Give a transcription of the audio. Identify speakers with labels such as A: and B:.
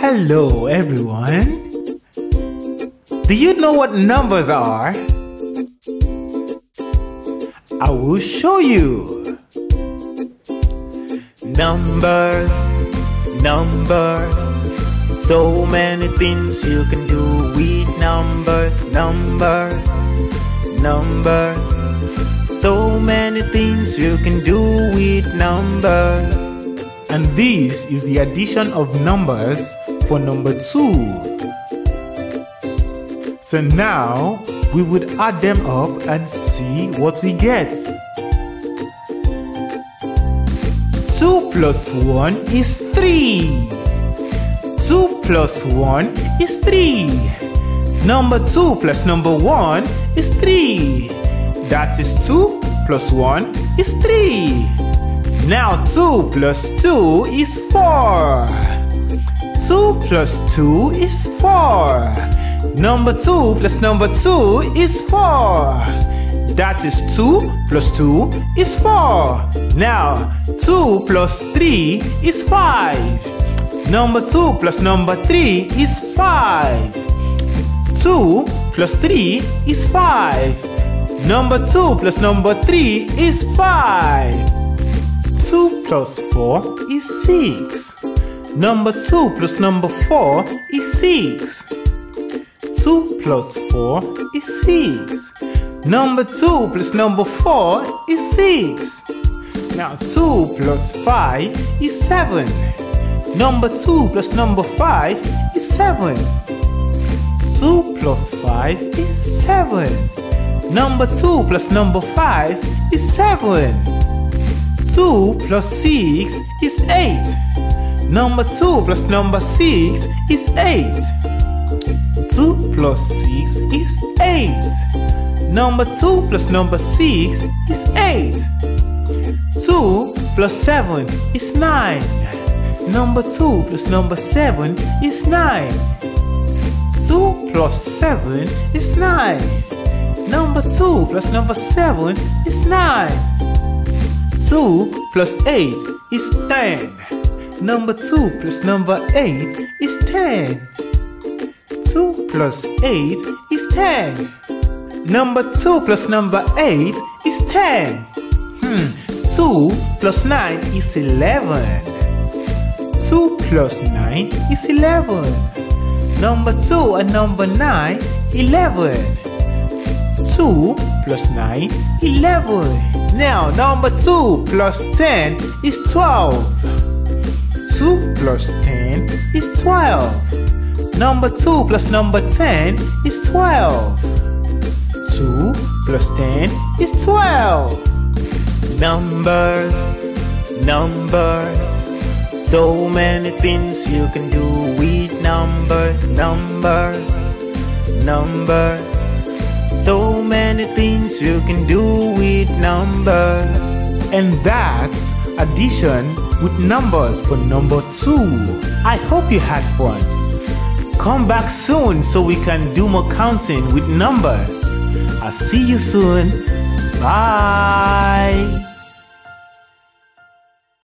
A: Hello, everyone. Do you know what numbers are? I will show you. Numbers, numbers, so many things you can do with numbers, numbers, numbers. So many things you can do with numbers and this is the addition of numbers for number 2. So now we would add them up and see what we get. 2 plus 1 is 3. 2 plus 1 is 3. Number 2 plus number 1 is 3. That is 2 plus 1 is 3. Now 2 plus 2 is 4. 2 plus 2 is 4. Number 2 plus number 2 is 4. That is 2 plus 2 is 4. Now, 2 plus 3 is 5. Number 2 plus number 3 is 5. 2 plus 3 is 5. Number 2 plus number 3 is 5. 2 plus 4 is 6. Number 2 plus number 4 is 6. 2 plus 4 is 6. Number 2 plus number 4 is 6. Now 2 plus 5 is 7. Number 2 plus number 5 is 7. 2 plus 5 is 7. Number 2 plus number 5 is 7. 2 plus 6 is 8. Number 2 plus number 6 is 8. 2 plus 6 is 8. Number 2 plus number 6 is 8. 2 plus 7 is 9. Number 2 plus number 7 is 9. 2 plus 7 is 9. Number 2 plus number 7 is 9. 2 plus 8 is 10. Number 2 plus number 8 is 10. 2 plus 8 is 10. Number 2 plus number 8 is 10. Hmm, 2 plus 9 is 11. 2 plus 9 is 11. Number 2 and number 9, 11. 2 plus 9, 11. Now number 2 plus 10 is 12. 2 plus 10 is 12. Number 2 plus number 10 is 12. 2 plus 10 is 12. Numbers, numbers. So many things you can do with numbers, numbers, numbers. So many things you can do with numbers. And that's addition with numbers for number two. I hope you had fun. Come back soon so we can do more counting with numbers. I'll see you soon. Bye.